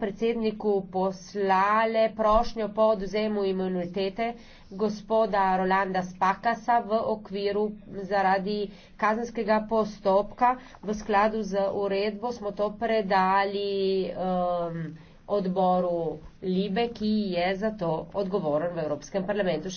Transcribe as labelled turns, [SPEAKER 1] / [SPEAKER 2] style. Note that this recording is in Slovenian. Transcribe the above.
[SPEAKER 1] predsedniku poslale prošnjo po oduzemu imunitete gospoda Rolanda Spakasa v okviru zaradi kazenskega postopka. V skladu z uredbo smo to predali um, odboru Libe, ki je za to odgovoren v Evropskem parlamentu.